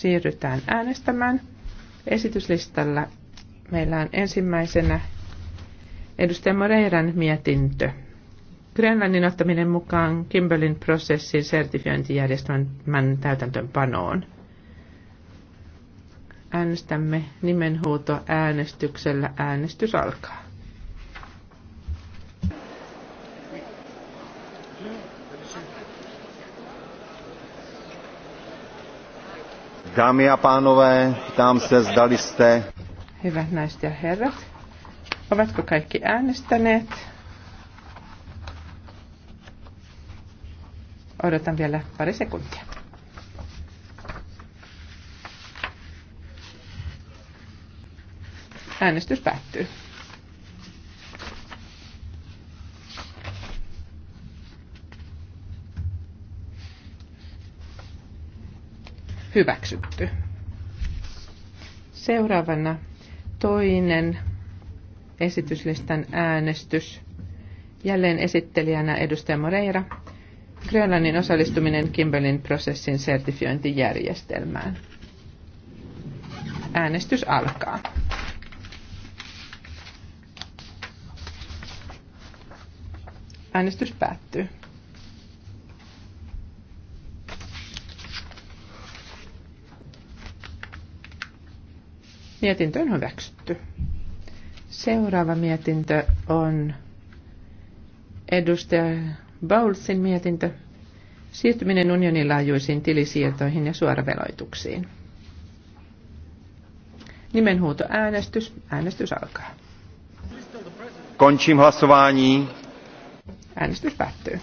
siirrytään äänestämään. Esityslistalla meillä on ensimmäisenä edustaja Moreiran mietintö. Grönlannin ottaminen mukaan Kimberlin prosessin sertifiointijärjestelmän täytäntöönpanoon. Äänestämme nimenhuuto äänestyksellä. Äänestys alkaa. Dámy a pánové, ptám se, zdali jste... Hyvät naiset ja herrat, ovatko kaikki äänestäneet? Odotan vielä pari sekuntia. Äänestys päättyy. Hyväksytty. Seuraavana toinen esityslistan äänestys. Jälleen esittelijänä edustaja Moreira. Grönlannin osallistuminen Kimberlin prosessin sertifiointijärjestelmään. Äänestys alkaa. Äänestys päättyy. Mietintö on hyväksytty. Seuraava mietintö on edustaja Bowlesin mietintö. Siirtyminen unionin laajuisiin tilisiirtoihin ja suoraveloituksiin. Nimenhuuto äänestys. Äänestys alkaa. Končím hlasování. Äänestys päättyy.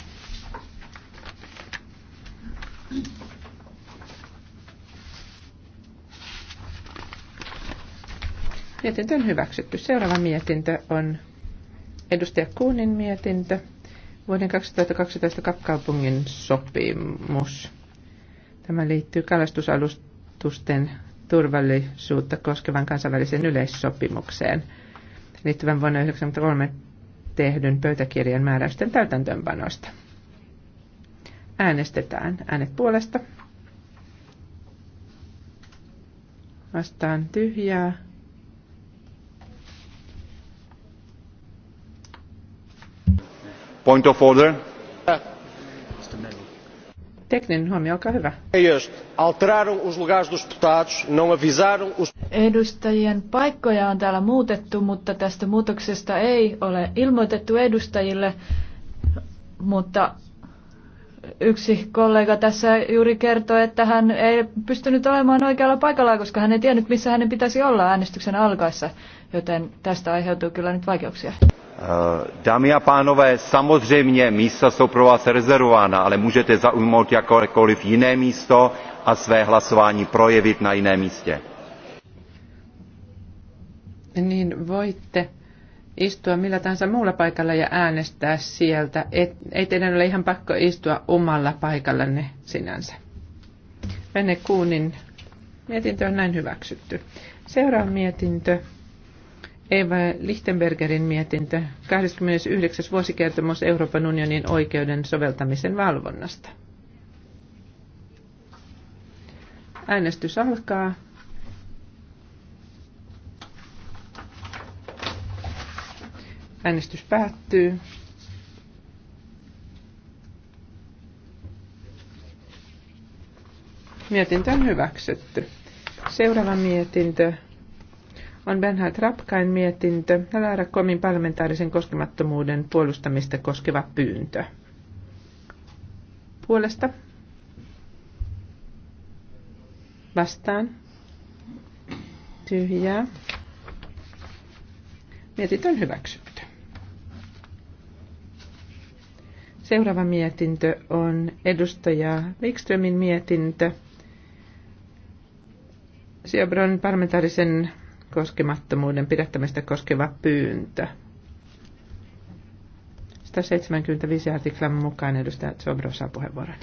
Mietintö on hyväksytty. Seuraava mietintö on edustaja Kuunin mietintö. Vuoden 2012 kapkaupungin sopimus. Tämä liittyy kalastusalustusten turvallisuutta koskevan kansainvälisen yleissopimukseen liittyvän vuonna 1993 tehdyn pöytäkirjan määräysten täytäntöönpanosta. Äänestetään äänet puolesta. Vastaan tyhjää. Point of order. Edustajien paikkoja on täällä muutettu, mutta tästä muutoksesta ei ole ilmoitettu edustajille, mutta yksi kollega tässä juuri kertoi, että hän ei pystynyt olemaan oikealla paikalla, koska hän ei tiennyt, missä hänen pitäisi olla äänestyksen alkaessa, joten tästä aiheutuu kyllä nyt vaikeuksia. Eh, dámy a pánové, samozřejmě místa jsou pro vás rezervována, ale můžete zaujmout jakékoliv jiné místo a své hlasování projevit na jiném místě. Niin voitte istua millä tahansa muulla paikalla ja äänestää sieltä. Et, ei teidän ole ihan pakko istua omalla paikallanne sinänsä. Vene Kuunin mietintö on näin hyväksytty. Seuraava mietintö Eva Lichtenbergerin mietintö 29. vuosikertomus Euroopan unionin oikeuden soveltamisen valvonnasta. Äänestys alkaa. Äänestys päättyy. Mietintö on hyväksytty. Seuraava mietintö on Bernhard Rapkain mietintö ja Laara Komin parlamentaarisen koskemattomuuden puolustamista koskeva pyyntö. Puolesta. Vastaan. Tyhjää. Mietintö on hyväksytty. Seuraava mietintö on edustaja Wikströmin mietintö. Siobron parlamentaarisen koskemattomuuden pidättämistä koskeva pyyntö. 175 artiklan mukaan edustaja Zobro saa puheenvuoron.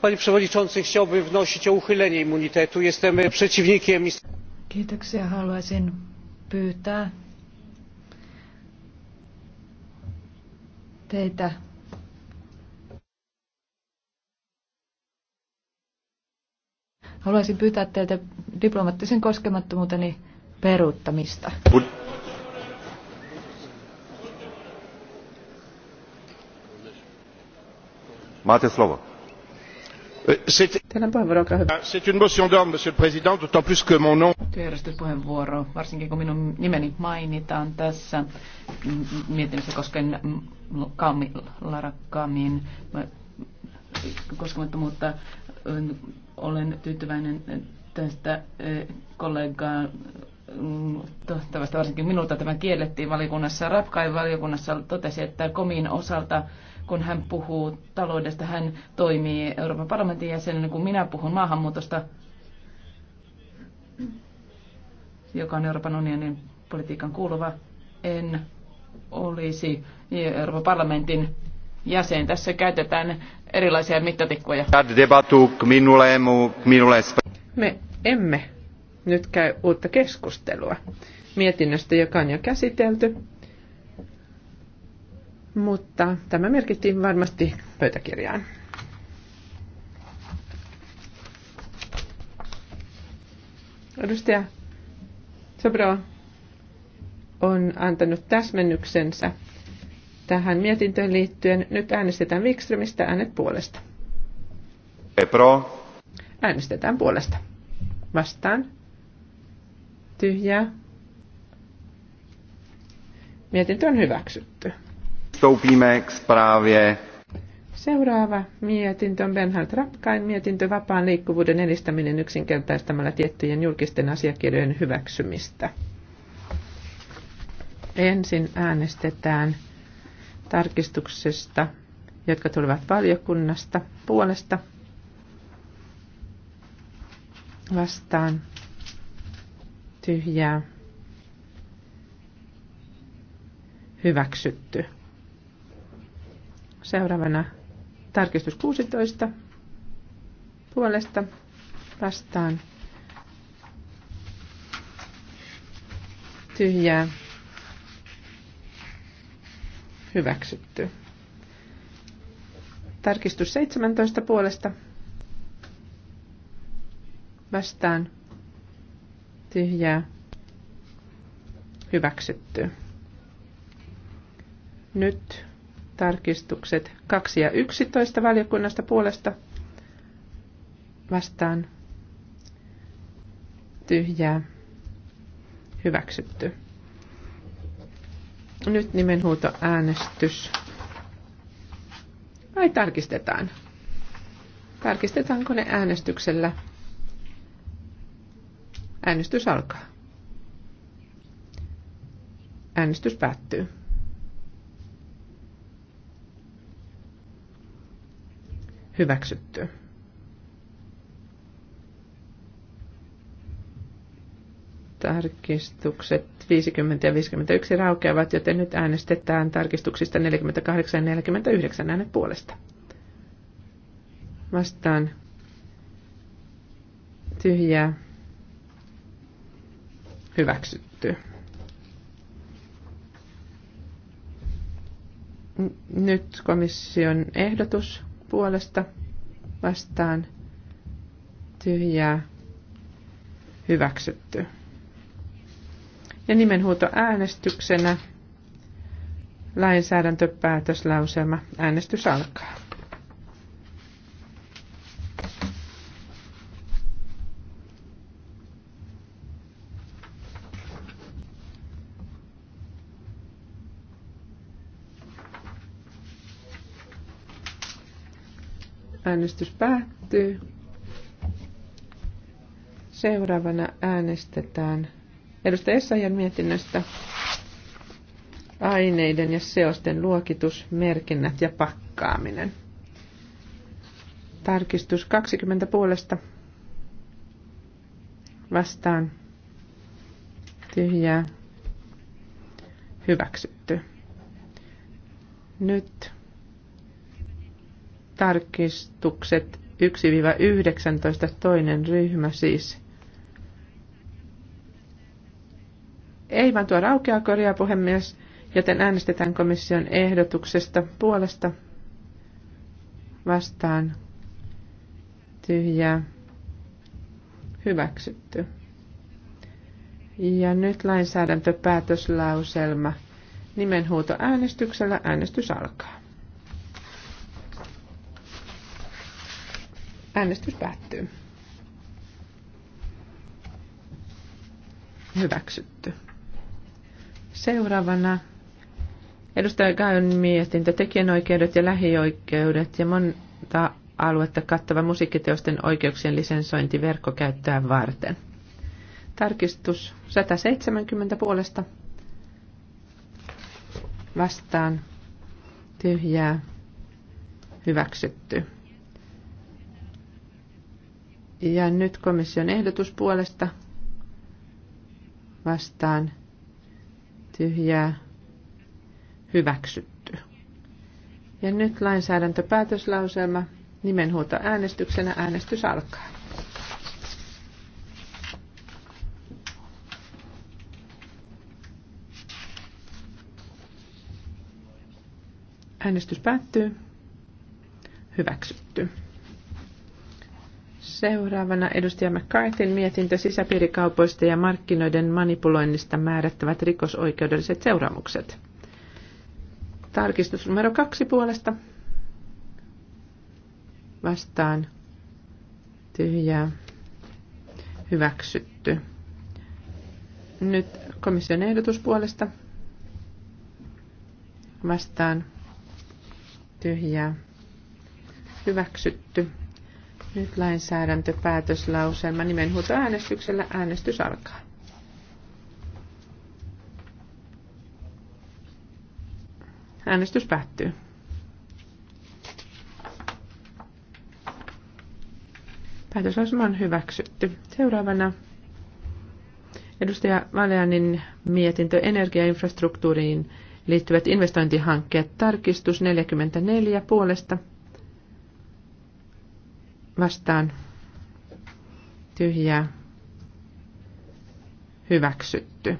Panie przewodniczący, chciałbym wnosić o uchylenie immunitetu. Jestem przeciwnikiem. Kiitoksia. Haluaisin pyytää teitä Haluaisin pyytää teiltä diplomaattisen koskemattomuuteni peruuttamista. Máte slovo. Euh, euh, c'est une motion d'ordre, Monsieur le Président, d'autant plus que mon nom. Työjärjestyspuheenvuoro, varsinkin kun minun nimeni mainitaan tässä mietinnössä koskien Lara Kamin äh, koskemattomuutta olen tyytyväinen tästä kollegaa mm, toivottavasti varsinkin minulta tämä kiellettiin valiokunnassa. Rapkai valiokunnassa totesi, että komin osalta, kun hän puhuu taloudesta, hän toimii Euroopan parlamentin jäsenenä, kun minä puhun maahanmuutosta, joka on Euroopan unionin politiikan kuuluva, en olisi Euroopan parlamentin jäsen. Tässä käytetään erilaisia mittatikkoja. Me emme nyt käy uutta keskustelua mietinnöstä, joka on jo käsitelty. Mutta tämä merkittiin varmasti pöytäkirjaan. Edustaja Sobro on antanut täsmennyksensä tähän mietintöön liittyen. Nyt äänestetään Wikströmistä äänet puolesta. Pro. Äänestetään puolesta. Vastaan. Tyhjää. Mietintö on hyväksytty. Seuraava mietintö on Bernhard Rapkain mietintö vapaan liikkuvuuden edistäminen yksinkertaistamalla tiettyjen julkisten asiakirjojen hyväksymistä. Ensin äänestetään tarkistuksesta, jotka tulevat valiokunnasta puolesta vastaan tyhjää hyväksytty. Seuraavana tarkistus 16 puolesta vastaan tyhjää Hyväksytty. Tarkistus 17 puolesta. Vastaan. Tyhjää. Hyväksytty. Nyt tarkistukset 2 ja 11 valiokunnasta puolesta vastaan tyhjää hyväksytty. Nyt äänestys. Vai tarkistetaan. Tarkistetaanko ne äänestyksellä. Äänestys alkaa. Äänestys päättyy. Hyväksytty. Tarkistukset 50 ja 51 raukeavat, joten nyt äänestetään tarkistuksista 48 ja 49 äänet puolesta. Vastaan tyhjää hyväksytty. Nyt komission ehdotus puolesta vastaan tyhjää hyväksytty. Ja nimenhuuto äänestyksenä lainsäädäntöpäätöslauselma. Äänestys alkaa. Äänestys päättyy. Seuraavana äänestetään edustaja Essayan mietinnöstä aineiden ja seosten luokitus, merkinnät ja pakkaaminen. Tarkistus 20 puolesta vastaan tyhjää hyväksytty. Nyt tarkistukset 1-19 toinen ryhmä siis Ei vaan tuo raukeaa korjaa puhemies, joten äänestetään komission ehdotuksesta puolesta vastaan tyhjää hyväksytty. Ja nyt lainsäädäntöpäätöslauselma. Nimenhuuto äänestyksellä äänestys alkaa. Äänestys päättyy. Hyväksytty. Seuraavana edustaja Gajon mietintö tekijänoikeudet ja lähioikeudet ja monta aluetta kattava musiikkiteosten oikeuksien lisensointi verkkokäyttöä varten. Tarkistus 170 puolesta vastaan tyhjää hyväksytty. Ja nyt komission ehdotus puolesta vastaan tyhjää hyväksytty. Ja nyt lainsäädäntöpäätöslauselma nimenhuuto äänestyksenä. Äänestys alkaa. Äänestys päättyy. Hyväksytty. Seuraavana edustaja McCarthyn mietintö sisäpiirikaupoista ja markkinoiden manipuloinnista määrättävät rikosoikeudelliset seuraamukset. Tarkistus numero kaksi puolesta. Vastaan. Tyhjää. Hyväksytty. Nyt komission ehdotus puolesta. Vastaan. Tyhjää. Hyväksytty. Nyt lainsäädäntöpäätöslauselma nimenhuutoäänestyksellä äänestys alkaa. Äänestys päättyy. Päätöslauselma on hyväksytty. Seuraavana edustaja Valeanin mietintö energiainfrastruktuuriin liittyvät investointihankkeet. Tarkistus 44 puolesta vastaan tyhjää hyväksytty.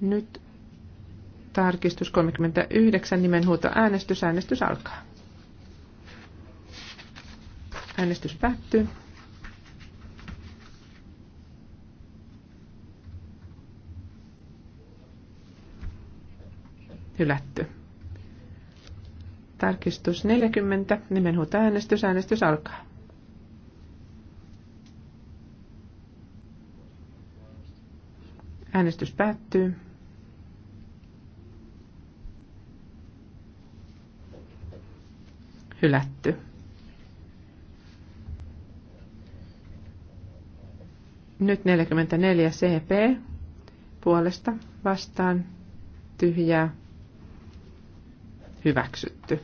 Nyt tarkistus 39 nimenhuuto äänestys. Äänestys alkaa. Äänestys päättyy. Hylätty. Tarkistus 40. Nimenhuuto äänestys. Äänestys alkaa. Äänestys päättyy. Hylätty. Nyt 44 CP puolesta vastaan tyhjää hyväksytty.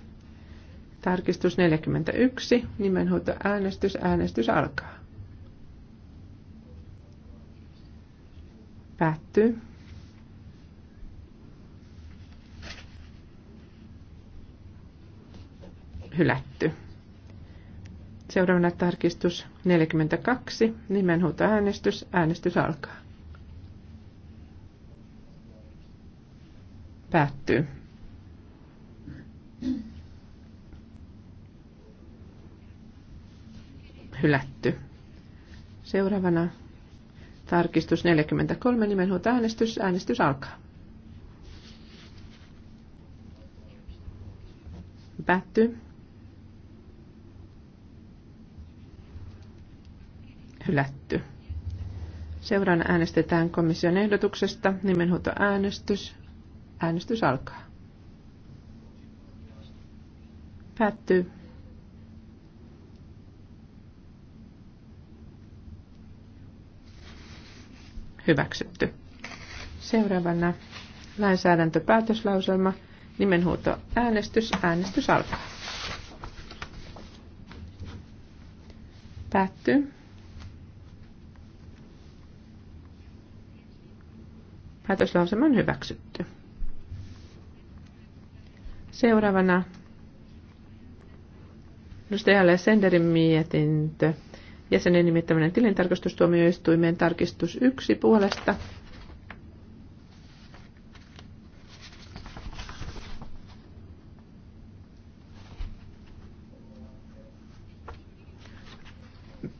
Tarkistus 41, nimenhuuto äänestys, äänestys alkaa. Päättyy. Hylätty. Seuraavana tarkistus 42, nimenhuutoäänestys. Äänestys alkaa. Päättyy. Hylätty. Seuraavana Tarkistus 43 nimenhuolta äänestys. Äänestys alkaa. Päätty. Hylätty. Seuraavana äänestetään komission ehdotuksesta. Nimenhuolto äänestys. Äänestys alkaa. Päättyy. Hyväksytty. Seuraavana lainsäädäntöpäätöslauselma, nimenhuuto äänestys, äänestys alkaa. Päättyy. Päätöslauselma on hyväksytty. Seuraavana edustajalle Senderin mietintö jäsenen nimittäminen tilintarkastustuomioistuimeen tarkistus yksi puolesta.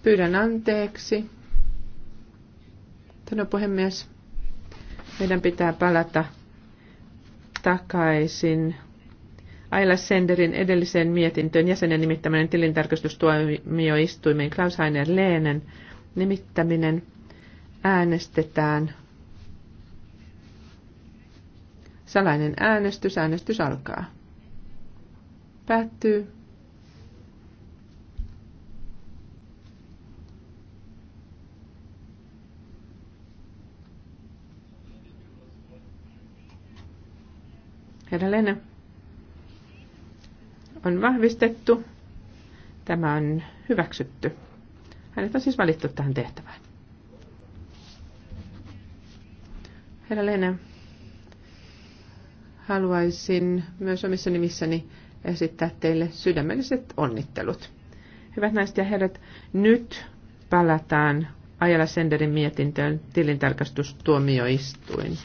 Pyydän anteeksi. Tänä puhemies, meidän pitää palata takaisin Aila Senderin edelliseen mietintöön jäsenen nimittäminen tilintarkastustuomioistuimeen Klaus Heiner Leenen nimittäminen äänestetään. Salainen äänestys. Äänestys alkaa. Päättyy. Herra Lenne on vahvistettu. Tämä on hyväksytty. Hänet on siis valittu tähän tehtävään. Herra Lene, haluaisin myös omissa nimissäni esittää teille sydämelliset onnittelut. Hyvät naiset ja herrat, nyt palataan Ajala Senderin mietintöön tilintarkastustuomioistuin.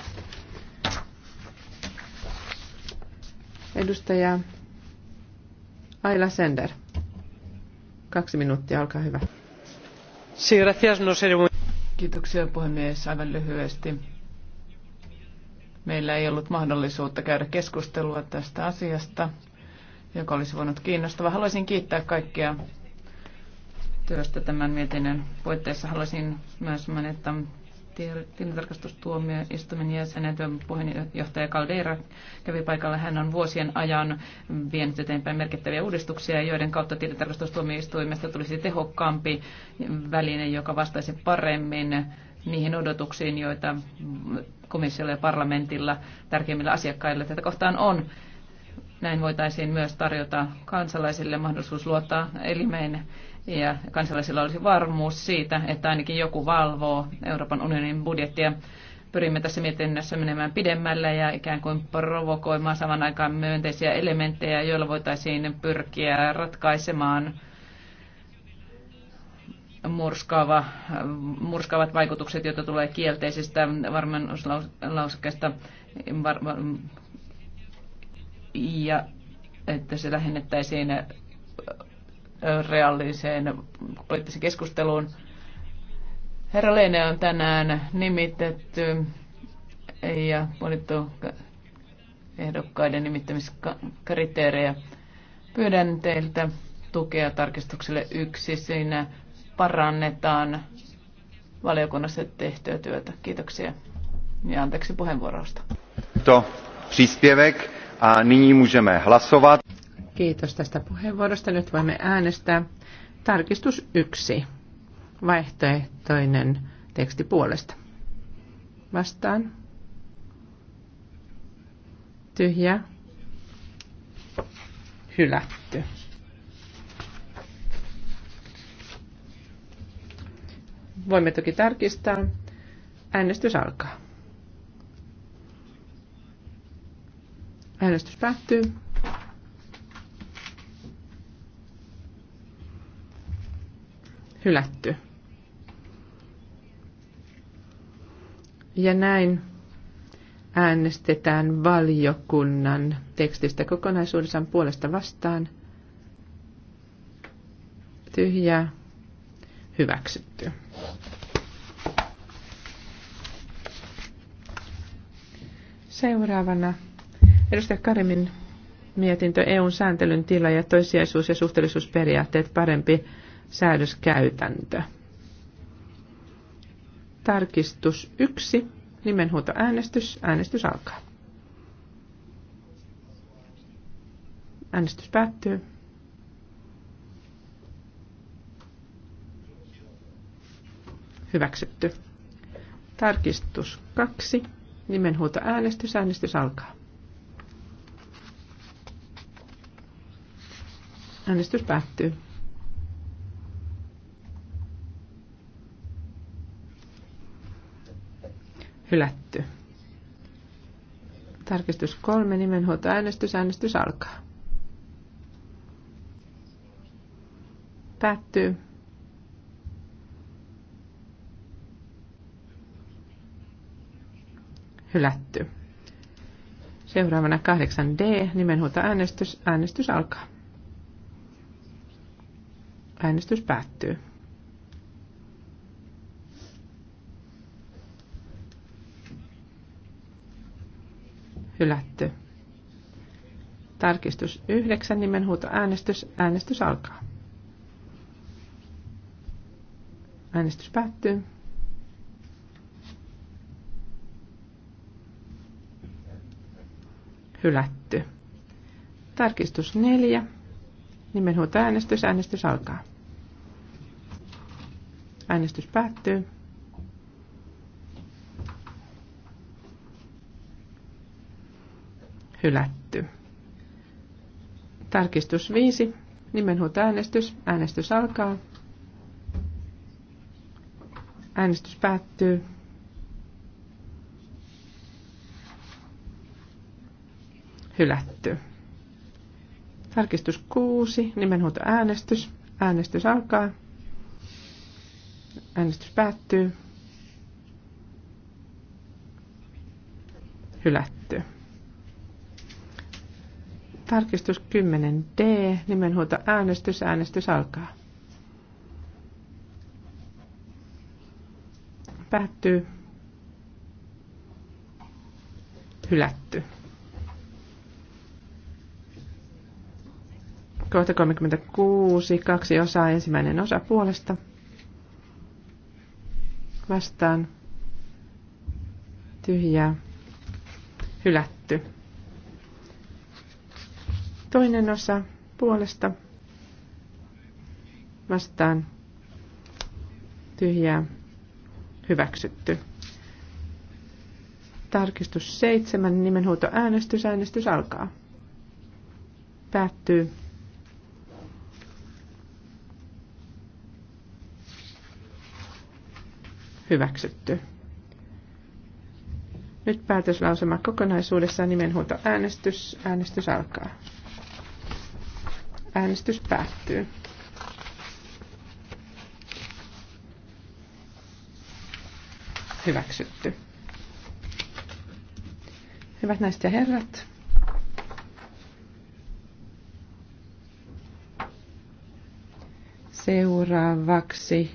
Edustaja Aila Sender. Kaksi minuuttia, olkaa hyvä. No Kiitoksia puhemies. Aivan lyhyesti. Meillä ei ollut mahdollisuutta käydä keskustelua tästä asiasta, joka olisi voinut kiinnostava. Haluaisin kiittää kaikkia työstä tämän mietinnön puitteissa. Haluaisin myös mainita tilintarkastustuomioistuimen jäsenet, puheenjohtaja Caldeira kävi paikalla. Hän on vuosien ajan vienyt eteenpäin merkittäviä uudistuksia, joiden kautta tilintarkastustuomioistuimesta tulisi tehokkaampi väline, joka vastaisi paremmin niihin odotuksiin, joita komissiolla ja parlamentilla tärkeimmillä asiakkailla tätä kohtaan on. Näin voitaisiin myös tarjota kansalaisille mahdollisuus luottaa elimeen ja kansalaisilla olisi varmuus siitä, että ainakin joku valvoo Euroopan unionin budjettia. Pyrimme tässä mietinnässä menemään pidemmälle ja ikään kuin provokoimaan saman aikaan myönteisiä elementtejä, joilla voitaisiin pyrkiä ratkaisemaan murskaava, murskaavat vaikutukset, joita tulee kielteisistä varmennuslausekkeista ja että se lähennettäisiin reaaliseen poliittiseen keskusteluun. Herra Leine on tänään nimitetty ja valittu ehdokkaiden nimittämiskriteerejä. Pyydän teiltä tukea tarkistukselle yksi. Siinä parannetaan valiokunnassa tehtyä työtä. Kiitoksia ja anteeksi puheenvuorosta. To a nyní můžeme hlasovat. Kiitos tästä puheenvuorosta. Nyt voimme äänestää tarkistus yksi vaihtoehtoinen teksti puolesta. Vastaan. Tyhjä. Hylätty. Voimme toki tarkistaa. Äänestys alkaa. Äänestys päättyy. hylätty. Ja näin äänestetään valiokunnan tekstistä kokonaisuudessaan puolesta vastaan. tyhjä Hyväksytty. Seuraavana edustaja Karimin mietintö EUn sääntelyn tila ja toissijaisuus- ja suhteellisuusperiaatteet parempi säädöskäytäntö. Tarkistus 1. Nimenhuutoäänestys. Äänestys alkaa. Äänestys päättyy. Hyväksytty. Tarkistus 2. Nimenhuutoäänestys. Äänestys alkaa. Äänestys päättyy. Hylätty. Tarkistus kolme, nimenhuoltoäänestys. Äänestys alkaa. Päättyy. Hylätty. Seuraavana 8D, nimenhuoltoäänestys. Äänestys alkaa. Äänestys päättyy. hylätty. Tarkistus 9 nimenhuuto äänestys. Äänestys alkaa. Äänestys päättyy. Hylätty. Tarkistus 4. Nimenhuuto äänestys. Äänestys alkaa. Äänestys päättyy. hylätty. Tarkistus 5. Nimenhuutoäänestys. Äänestys alkaa. Äänestys päättyy. Hylätty. Tarkistus 6. Nimenhuutoäänestys. Äänestys alkaa. Äänestys päättyy. Hylätty. Tarkistus 10D, nimenhuuto äänestys, äänestys alkaa. Päättyy. Hylätty. Kohta 36, kaksi osaa, ensimmäinen osa puolesta. Vastaan. Tyhjää. Hylätty. Toinen osa puolesta vastaan tyhjää hyväksytty. Tarkistus seitsemän, nimenhuuto äänestys, äänestys alkaa. Päättyy. Hyväksytty. Nyt päätöslausema kokonaisuudessaan nimenhuuto äänestys, äänestys alkaa. Äänestys päättyy. Hyväksytty. Hyvät naiset ja herrat, seuraavaksi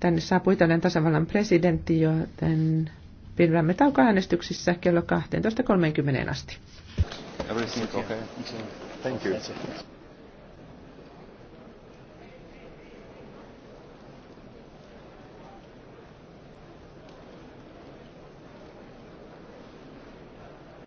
tänne saapui Italian tasavallan presidentti, joten pidämme taukoa äänestyksissä kello 12.30 asti. Everything okay? Thank you.